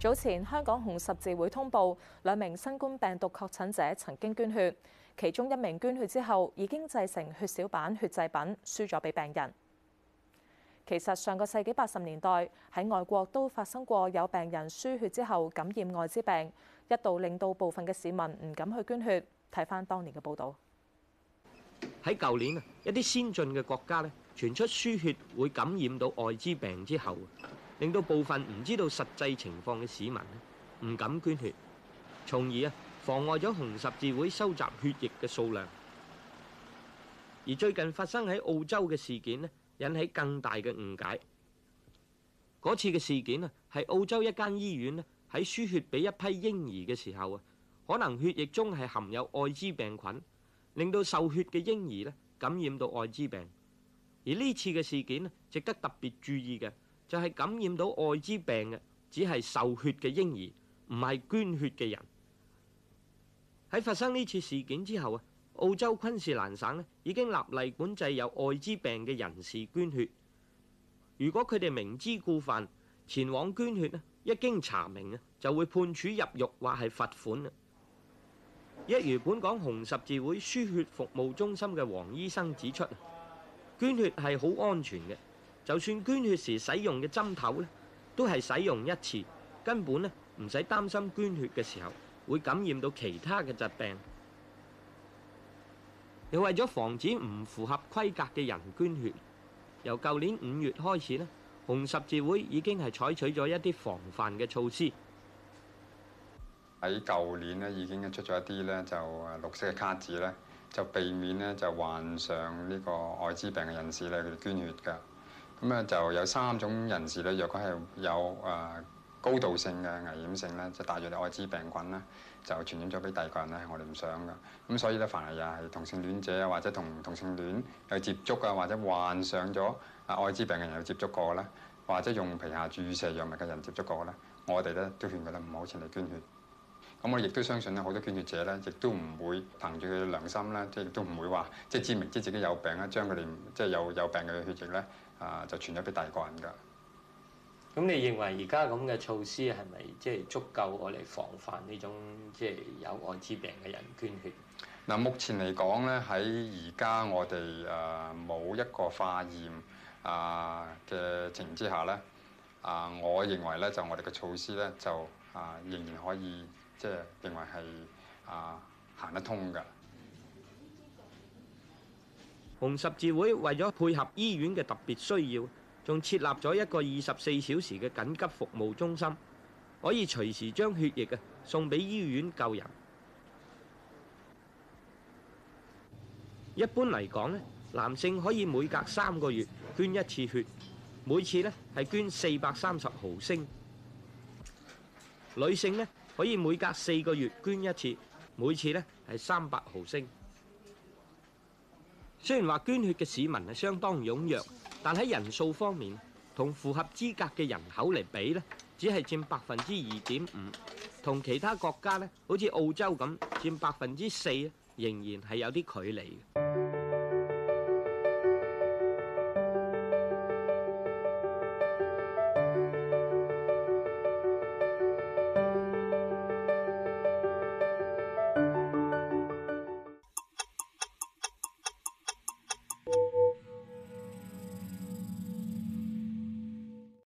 早前，香港紅十字會通報兩名新冠病毒確診者曾經捐血，其中一名捐血之後已經製成血小板血製品輸咗俾病人。其實上個世紀八十年代喺外國都發生過有病人輸血之後感染愛滋病，一度令到部分嘅市民唔敢去捐血。睇翻當年嘅報導，喺舊年啊，一啲先進嘅國家咧傳出輸血會感染到愛滋病之後，令到部分唔知道實際情況嘅市民唔敢捐血，從而啊妨礙咗紅十字會收集血液嘅數量。而最近發生喺澳洲嘅事件咧，引起更大嘅誤解。嗰次嘅事件啊，係澳洲一間醫院咧喺輸血俾一批嬰兒嘅時候啊，可能血液中係含有愛滋病菌，令到受血嘅嬰兒咧感染到愛滋病。而呢次嘅事件咧，值得特別注意嘅，就係感染到愛滋病嘅，只係受血嘅嬰兒，唔係捐血嘅人。喺發生呢次事件之後啊，澳洲昆士蘭省咧已經立例管制有愛滋病嘅人士捐血。如果佢哋明知故犯前往捐血咧，一經查明啊，就會判處入獄或係罰款啊。一如本港紅十字會輸血服務中心嘅黃醫生指出，捐血係好安全嘅。就算捐血時使用嘅針頭咧，都係使用一次，根本咧唔使擔心捐血嘅時候會感染到其他嘅疾病。又為咗防止唔符合規格嘅人捐血，由舊年五月開始咧，紅十字會已經係採取咗一啲防範嘅措施。喺舊年咧已經出咗一啲咧，就綠色嘅卡紙咧，就避免咧就患上呢個愛滋病嘅人士咧佢哋捐血㗎。咁啊，就有三種人士咧，若果係有誒、呃、高度性嘅危險性咧，即係帶有啲愛滋病菌咧，就傳染咗俾第二個人咧，我哋唔想噶。咁所以咧，凡係又係同性戀者啊，或者同同性戀有接觸啊，或者患上咗啊愛滋病嘅人有接觸過咧，或者用皮下注射藥物嘅人接觸過咧，我哋咧都勸佢咧唔好前嚟捐血。咁我亦都相信咧，好多捐血者咧，亦都唔會憑住佢嘅良心咧，即亦都唔會話即係知明知自己有病咧，將佢哋即係有有病嘅血液咧，啊就傳咗俾第二個人㗎。咁你認為而家咁嘅措施係咪即係足夠我哋防範呢種即係有愛滋病嘅人捐血？嗱，目前嚟講咧，喺而家我哋誒冇一個化驗啊嘅情形之下咧，啊，我認為咧就我哋嘅措施咧就啊仍然可以。即係認為係啊行得通㗎。紅十字會為咗配合醫院嘅特別需要，仲設立咗一個二十四小時嘅緊急服務中心，可以隨時將血液啊送俾醫院救人。一般嚟講呢，男性可以每隔三個月捐一次血，每次呢係捐四百三十毫升；女性呢，可以每隔四個月捐一次，每次呢係三百毫升。雖然話捐血嘅市民係相當踴躍，但喺人數方面同符合資格嘅人口嚟比呢，只係佔百分之二點五，同其他國家呢，好似澳洲咁佔百分之四，仍然係有啲距離。